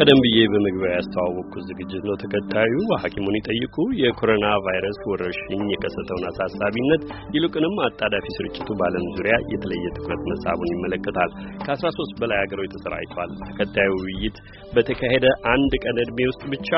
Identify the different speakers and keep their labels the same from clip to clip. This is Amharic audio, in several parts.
Speaker 1: ቀደም ብዬ በመግቢያ ያስተዋወቅኩት ዝግጅት ነው። ተከታዩ ሐኪሙን ይጠይቁ የኮሮና ቫይረስ ወረርሽኝ የከሰተውን አሳሳቢነት ይልቁንም አጣዳፊ ስርጭቱ በዓለም ዙሪያ የተለየ ትኩረት መሳቡን ይመለከታል። ከ13 በላይ ሀገሮች ተሰራጭቷል። ተከታዩ ውይይት በተካሄደ አንድ ቀን ዕድሜ ውስጥ ብቻ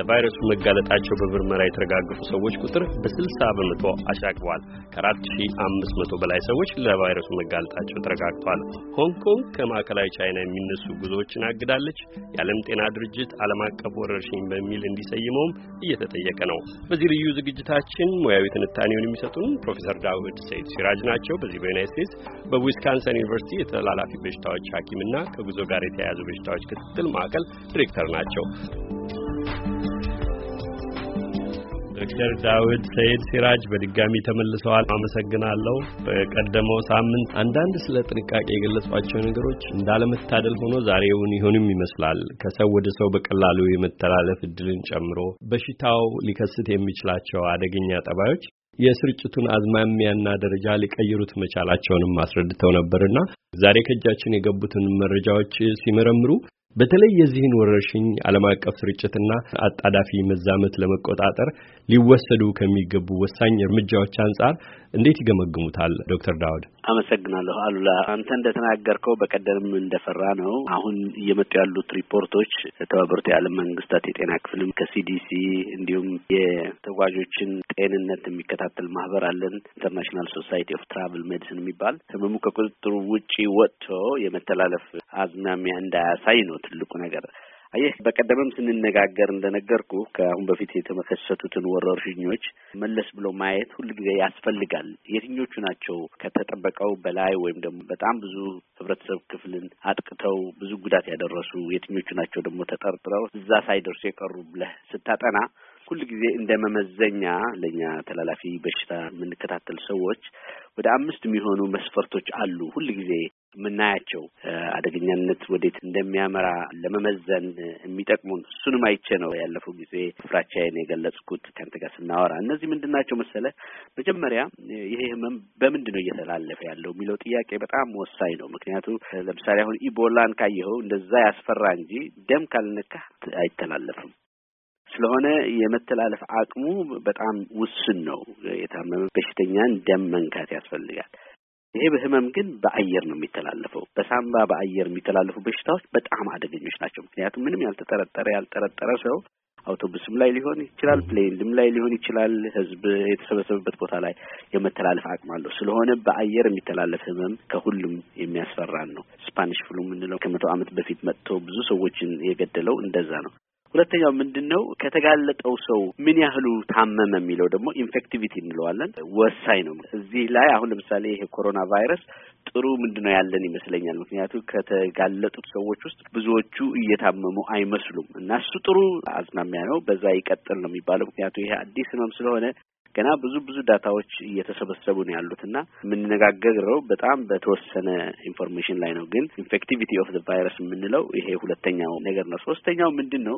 Speaker 1: ለቫይረሱ መጋለጣቸው በምርመራ የተረጋገጡ ሰዎች ቁጥር በ60 በመቶ አሻቅቧል። ከ4500 በላይ ሰዎች ለቫይረሱ መጋለጣቸው ተረጋግቷል። ሆንግ ኮንግ ከማዕከላዊ ቻይና የሚነሱ ጉዞዎችን አግዳለች። ያለ የዓለም ጤና ድርጅት ዓለም አቀፍ ወረርሽኝ በሚል እንዲሰይመውም እየተጠየቀ ነው። በዚህ ልዩ ዝግጅታችን ሙያዊ ትንታኔውን የሚሰጡን ፕሮፌሰር ዳዊድ ሰይድ ሲራጅ ናቸው። በዚህ በዩናይት ስቴትስ በዊስካንሰን ዩኒቨርሲቲ የተላላፊ በሽታዎች ሐኪምና ከጉዞ ጋር የተያያዙ በሽታዎች ክትትል ማዕከል ዲሬክተር ናቸው። ዶክተር ዳዊት ሰይድ ሲራጅ በድጋሚ ተመልሰዋል። አመሰግናለሁ። በቀደመው ሳምንት አንዳንድ ስለ ጥንቃቄ የገለጿቸው ነገሮች እንዳለመታደል ሆኖ ዛሬውን ይሆንም ይመስላል ከሰው ወደ ሰው በቀላሉ የመተላለፍ እድልን ጨምሮ በሽታው ሊከስት የሚችላቸው አደገኛ ጠባዮች የስርጭቱን አዝማሚያና ደረጃ ሊቀይሩት መቻላቸውንም አስረድተው ነበርና ዛሬ ከእጃችን የገቡትን መረጃዎች ሲመረምሩ በተለይ የዚህን ወረርሽኝ ዓለም አቀፍ ስርጭትና አጣዳፊ መዛመት ለመቆጣጠር ሊወሰዱ ከሚገቡ ወሳኝ እርምጃዎች አንጻር እንዴት ይገመግሙታል ዶክተር ዳውድ?
Speaker 2: አመሰግናለሁ አሉላ። አንተ እንደተናገርከው በቀደምም እንደፈራ ነው። አሁን እየመጡ ያሉት ሪፖርቶች የተባበሩት የዓለም መንግስታት የጤና ክፍልም ከሲዲሲ እንዲሁም የተጓዦችን ጤንነት የሚከታተል ማህበር አለን ኢንተርናሽናል ሶሳይቲ ኦፍ ትራቭል ሜዲሲን የሚባል ህመሙ ከቁጥጥሩ ውጪ ወጥቶ የመተላለፍ አዝማሚያ እንዳያሳይ ነው ትልቁ ነገር። አየህ በቀደምም ስንነጋገር እንደነገርኩ ከአሁን በፊት የተመከሰቱትን ወረርሽኞች መለስ ብሎ ማየት ሁልጊዜ ያስፈልጋል። የትኞቹ ናቸው ከተጠበቀው በላይ ወይም ደግሞ በጣም ብዙ ህብረተሰብ ክፍልን አጥቅተው ብዙ ጉዳት ያደረሱ፣ የትኞቹ ናቸው ደግሞ ተጠርጥረው እዛ ሳይደርሱ የቀሩ ብለህ ስታጠና ጊዜ እንደ መመዘኛ ለእኛ ተላላፊ በሽታ የምንከታተል ሰዎች ወደ አምስት የሚሆኑ መስፈርቶች አሉ ጊዜ የምናያቸው አደገኛነት ወዴት እንደሚያመራ ለመመዘን የሚጠቅሙን እሱንም አይቼ ነው ያለፈው ጊዜ ፍራቻዬን የገለጽኩት ከንት ጋር ስናወራ። እነዚህ ምንድን ናቸው መሰለ፣ መጀመሪያ ይሄ ህመም በምንድን ነው እየተላለፈ ያለው የሚለው ጥያቄ በጣም ወሳኝ ነው። ምክንያቱ ለምሳሌ አሁን ኢቦላን ካየኸው እንደዛ ያስፈራ እንጂ ደም ካልነካህ አይተላለፍም። ስለሆነ የመተላለፍ አቅሙ በጣም ውስን ነው። የታመመ በሽተኛን ደም መንካት ያስፈልጋል። ይሄ በህመም ግን በአየር ነው የሚተላለፈው። በሳምባ በአየር የሚተላለፉ በሽታዎች በጣም አደገኞች ናቸው። ምክንያቱም ምንም ያልተጠረጠረ ያልጠረጠረ ሰው አውቶቡስም ላይ ሊሆን ይችላል፣ ፕሌንም ላይ ሊሆን ይችላል፣ ህዝብ የተሰበሰበበት ቦታ ላይ የመተላለፍ አቅም አለው። ስለሆነ በአየር የሚተላለፍ ህመም ከሁሉም የሚያስፈራን ነው። ስፓኒሽ ፍሉ የምንለው ከመቶ ዓመት በፊት መጥቶ ብዙ ሰዎችን የገደለው እንደዛ ነው። ሁለተኛው ምንድን ነው ከተጋለጠው ሰው ምን ያህሉ ታመመ የሚለው ደግሞ ኢንፌክቲቪቲ እንለዋለን ወሳኝ ነው። እዚህ ላይ አሁን ለምሳሌ ይሄ ኮሮና ቫይረስ ጥሩ ምንድን ነው ያለን ይመስለኛል። ምክንያቱ ከተጋለጡት ሰዎች ውስጥ ብዙዎቹ እየታመሙ አይመስሉም እና እሱ ጥሩ አዝማሚያ ነው። በዛ ይቀጥል ነው የሚባለው። ምክንያቱ ይሄ አዲስ ህመም ስለሆነ ገና ብዙ ብዙ ዳታዎች እየተሰበሰቡ ነው ያሉት እና የምንነጋገረው በጣም በተወሰነ ኢንፎርሜሽን ላይ ነው። ግን ኢንፌክቲቪቲ ኦፍ ቫይረስ የምንለው ይሄ ሁለተኛው ነገር ነው። ሶስተኛው ምንድን ነው?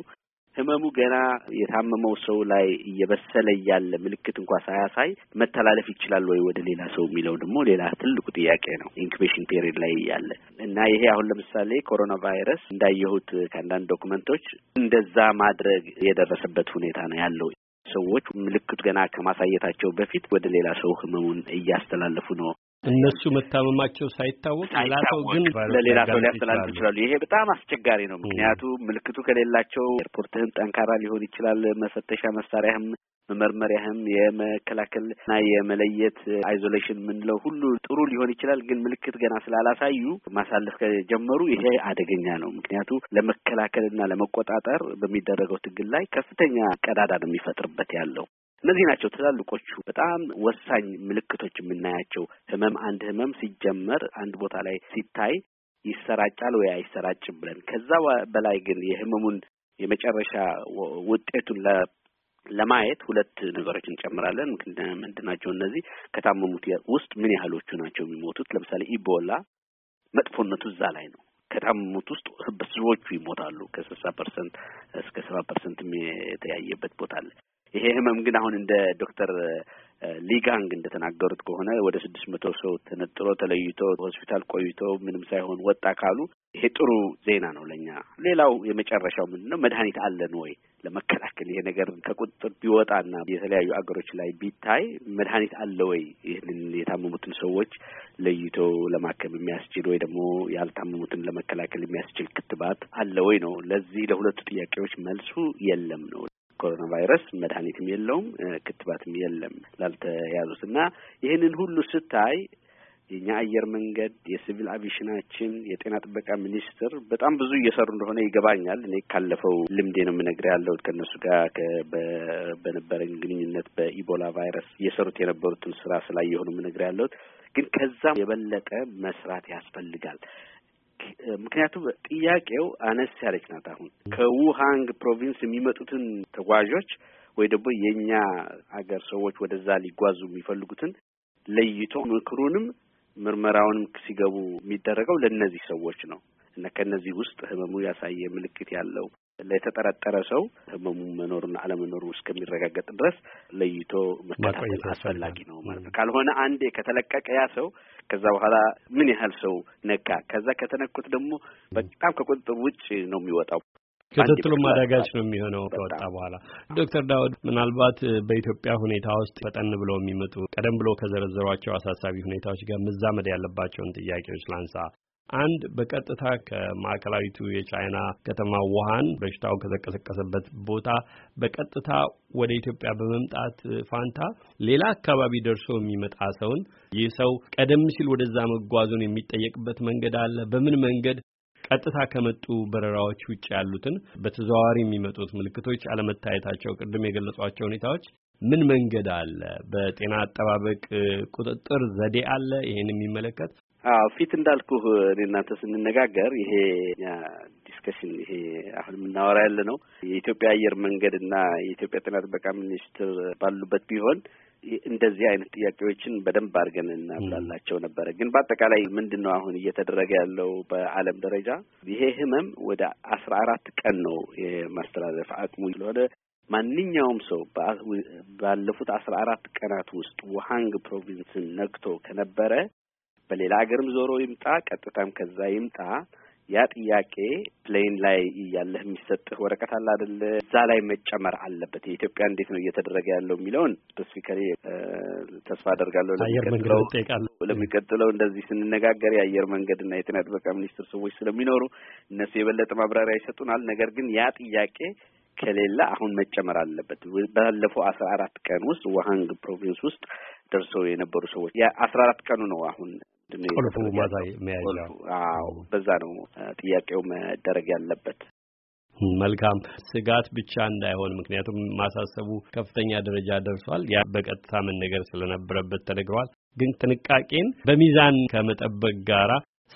Speaker 2: ህመሙ ገና የታመመው ሰው ላይ እየበሰለ እያለ ምልክት እንኳ ሳያሳይ መተላለፍ ይችላል ወይ ወደ ሌላ ሰው የሚለው ደግሞ ሌላ ትልቁ ጥያቄ ነው። ኢንኩቤሽን ፔሪድ ላይ እያለ እና ይሄ አሁን ለምሳሌ ኮሮና ቫይረስ እንዳየሁት ከአንዳንድ ዶክመንቶች እንደዛ ማድረግ የደረሰበት ሁኔታ ነው ያለው። ሰዎች ምልክቱ ገና ከማሳየታቸው በፊት ወደ ሌላ ሰው ህመሙን እያስተላለፉ ነው
Speaker 1: እነሱ መታመማቸው ሳይታወቅ ላሰው ግን ለሌላ ሰው ሊያስተላልፍ
Speaker 2: ይችላሉ። ይሄ በጣም አስቸጋሪ ነው። ምክንያቱ ምልክቱ ከሌላቸው ኤርፖርትህም ጠንካራ ሊሆን ይችላል፣ መፈተሻ መሳሪያህም መመርመሪያህም የመከላከል ና የመለየት አይዞሌሽን የምንለው ሁሉ ጥሩ ሊሆን ይችላል። ግን ምልክት ገና ስላላሳዩ ማሳለፍ ከጀመሩ ይሄ አደገኛ ነው። ምክንያቱ ለመከላከልና ለመቆጣጠር በሚደረገው ትግል ላይ ከፍተኛ ቀዳዳ ነው የሚፈጥርበት ያለው። እነዚህ ናቸው ትላልቆቹ በጣም ወሳኝ ምልክቶች የምናያቸው። ህመም አንድ ህመም ሲጀመር አንድ ቦታ ላይ ሲታይ ይሰራጫል ወይ አይሰራጭም ብለን ከዛ በላይ ግን የህመሙን የመጨረሻ ውጤቱን ለማየት ሁለት ነገሮች እንጨምራለን። ምንድን ናቸው እነዚህ? ከታመሙት ውስጥ ምን ያህሎቹ ናቸው የሚሞቱት? ለምሳሌ ኢቦላ መጥፎነቱ እዛ ላይ ነው። ከታመሙት ውስጥ ብዙዎቹ ይሞታሉ። ከስልሳ ፐርሰንት እስከ ሰባ ፐርሰንት የተያየበት ቦታ አለ። ይሄ ህመም ግን አሁን እንደ ዶክተር ሊጋንግ እንደተናገሩት ከሆነ ወደ ስድስት መቶ ሰው ተነጥሮ ተለይቶ ሆስፒታል ቆይቶ ምንም ሳይሆን ወጣ ካሉ ይሄ ጥሩ ዜና ነው ለእኛ። ሌላው የመጨረሻው ምንድን ነው? መድኃኒት አለን ወይ ለመከላከል? ይሄ ነገር ከቁጥጥር ቢወጣና የተለያዩ አገሮች ላይ ቢታይ መድኃኒት አለ ወይ ይህንን የታመሙትን ሰዎች ለይቶ ለማከም የሚያስችል ወይ ደግሞ ያልታመሙትን ለመከላከል የሚያስችል ክትባት አለ ወይ ነው። ለዚህ ለሁለቱ ጥያቄዎች መልሱ የለም ነው። ኮሮና ቫይረስ መድኃኒትም የለውም ክትባትም የለም ላልተያዙት እና ይህንን ሁሉ ስታይ የኛ አየር መንገድ የሲቪል አቪሽናችን የጤና ጥበቃ ሚኒስትር በጣም ብዙ እየሰሩ እንደሆነ ይገባኛል። እኔ ካለፈው ልምዴ ነው የምነግርህ ያለሁት ከእነሱ ጋር በነበረኝ ግንኙነት በኢቦላ ቫይረስ እየሰሩት የነበሩትን ስራ ስላየሆኑ የምነግርህ ያለሁት ግን ከዛም የበለጠ መስራት ያስፈልጋል። ምክንያቱም ጥያቄው አነስ ያለች ናት። አሁን ከውሃንግ ፕሮቪንስ የሚመጡትን ተጓዦች ወይ ደግሞ የእኛ አገር ሰዎች ወደዛ ሊጓዙ የሚፈልጉትን ለይቶ ምክሩንም ምርመራውንም ሲገቡ የሚደረገው ለእነዚህ ሰዎች ነው እና ከእነዚህ ውስጥ ህመሙ ያሳየ ምልክት ያለው ለተጠረጠረ ሰው ህመሙ መኖሩና አለመኖሩ እስከሚረጋገጥ ድረስ ለይቶ መከታተል አስፈላጊ ነው ማለት ነው። ካልሆነ አንዴ ከተለቀቀ ያ ሰው ከዛ በኋላ ምን ያህል ሰው ነካ፣ ከዛ ከተነኩት ደግሞ በጣም ከቁጥጥር ውጭ ነው የሚወጣው። ክትትሉም አዳጋች ነው
Speaker 1: የሚሆነው ከወጣ በኋላ። ዶክተር ዳውድ ምናልባት በኢትዮጵያ ሁኔታ ውስጥ ፈጠን ብለው የሚመጡ ቀደም ብሎ ከዘረዘሯቸው አሳሳቢ ሁኔታዎች ጋር መዛመድ ያለባቸውን ጥያቄዎች ላንሳ። አንድ በቀጥታ ከማዕከላዊቱ የቻይና ከተማ ውሃን በሽታው ከተቀሰቀሰበት ቦታ በቀጥታ ወደ ኢትዮጵያ በመምጣት ፋንታ ሌላ አካባቢ ደርሶ የሚመጣ ሰውን ይህ ሰው ቀደም ሲል ወደዛ መጓዙን የሚጠየቅበት መንገድ አለ። በምን መንገድ ቀጥታ ከመጡ በረራዎች ውጭ ያሉትን በተዘዋዋሪ የሚመጡት ምልክቶች አለመታየታቸው፣ ቅድም የገለጿቸው ሁኔታዎች ምን መንገድ አለ? በጤና አጠባበቅ ቁጥጥር ዘዴ አለ? ይህን የሚመለከት
Speaker 2: አዎ ፊት እንዳልኩህ እኔ እናንተ ስንነጋገር ይሄ ዲስከሽን ይሄ አሁን የምናወራ ያለ ነው የኢትዮጵያ አየር መንገድ እና የኢትዮጵያ ጤና ጥበቃ ሚኒስትር ባሉበት ቢሆን እንደዚህ አይነት ጥያቄዎችን በደንብ አድርገን እናብላላቸው ነበረ። ግን በአጠቃላይ ምንድን ነው አሁን እየተደረገ ያለው በዓለም ደረጃ ይሄ ህመም ወደ አስራ አራት ቀን ነው የማስተላለፍ አቅሙ ስለሆነ ማንኛውም ሰው ባለፉት አስራ አራት ቀናት ውስጥ ውሃንግ ፕሮቪንስን ነክቶ ከነበረ በሌላ ሀገርም ዞሮ ይምጣ ቀጥታም ከዛ ይምጣ ያ ጥያቄ ፕሌን ላይ እያለህ የሚሰጥህ ወረቀት አለ እዛ ላይ መጨመር አለበት። የኢትዮጵያ እንዴት ነው እየተደረገ ያለው የሚለውን ስፔሲፊካሊ ተስፋ አደርጋለሁ ለሚቀጥለው እንደዚህ ስንነጋገር የአየር መንገድና የጤና ጥበቃ ሚኒስትር ሰዎች ስለሚኖሩ እነሱ የበለጠ ማብራሪያ ይሰጡናል። ነገር ግን ያ ጥያቄ ከሌለ አሁን መጨመር አለበት። ባለፈው አስራ አራት ቀን ውስጥ ዋሃንግ ፕሮቪንስ ውስጥ ደርሰው የነበሩ ሰዎች አስራ አራት ቀኑ ነው አሁን ቁልፉ ማሳይ አዎ፣ በዛ ነው ጥያቄው መደረግ ያለበት።
Speaker 1: መልካም ስጋት ብቻ እንዳይሆን ምክንያቱም ማሳሰቡ ከፍተኛ ደረጃ ደርሷል። ያ በቀጥታ መነገር ስለነበረበት ተነግሯል። ግን ጥንቃቄን በሚዛን ከመጠበቅ ጋራ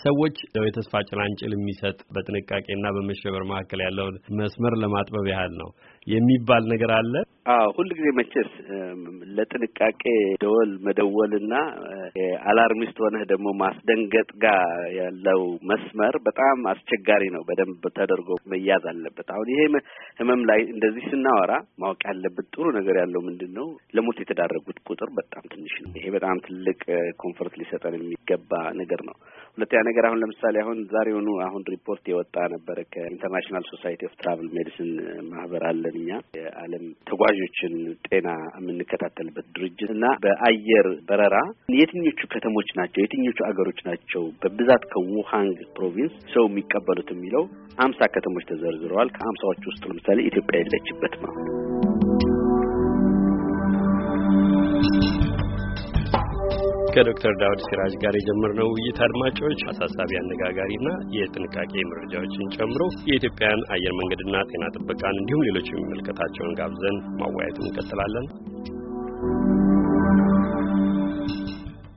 Speaker 1: ሰዎች የተስፋ ጭላንጭል የሚሰጥ በጥንቃቄና በመሸበር መካከል ያለውን መስመር ለማጥበብ ያህል ነው የሚባል ነገር አለ።
Speaker 2: አዎ ሁልጊዜ መቼስ ለጥንቃቄ ደወል መደወልና የአላርሚስት ሆነህ ደግሞ ማስደንገጥ ጋር ያለው መስመር በጣም አስቸጋሪ ነው። በደንብ ተደርጎ መያዝ አለበት። አሁን ይሄ ህመም ላይ እንደዚህ ስናወራ ማወቅ ያለበት ጥሩ ነገር ያለው ምንድን ነው፣ ለሞት የተዳረጉት ቁጥር በጣም ትንሽ ነው። ይሄ በጣም ትልቅ ኮንፈርት ሊሰጠን የሚገባ ነገር ነው። ሁለተኛ ነገር አሁን ለምሳሌ አሁን ዛሬውኑ አሁን ሪፖርት የወጣ ነበረ ከኢንተርናሽናል ሶሳይቲ ኦፍ ትራቭል ሜዲሲን ማህበር አለን እኛ የዓለም ተጓዥ የተጓዦችን ጤና የምንከታተልበት ድርጅት እና በአየር በረራ የትኞቹ ከተሞች ናቸው የትኞቹ አገሮች ናቸው በብዛት ከውሃንግ ፕሮቪንስ ሰው የሚቀበሉት የሚለው አምሳ ከተሞች ተዘርዝረዋል። ከአምሳዎች ውስጥ ለምሳሌ ኢትዮጵያ የለችበት ነው።
Speaker 1: ከዶክተር ዳውድ ሲራጅ ጋር የጀመርነው ውይይት አድማጮች አሳሳቢ አነጋጋሪና የጥንቃቄ መረጃዎችን ጨምሮ የኢትዮጵያን አየር መንገድና ጤና ጥበቃን እንዲሁም ሌሎች የሚመለከታቸውን ጋብዘን ማወያየቱን እንቀጥላለን።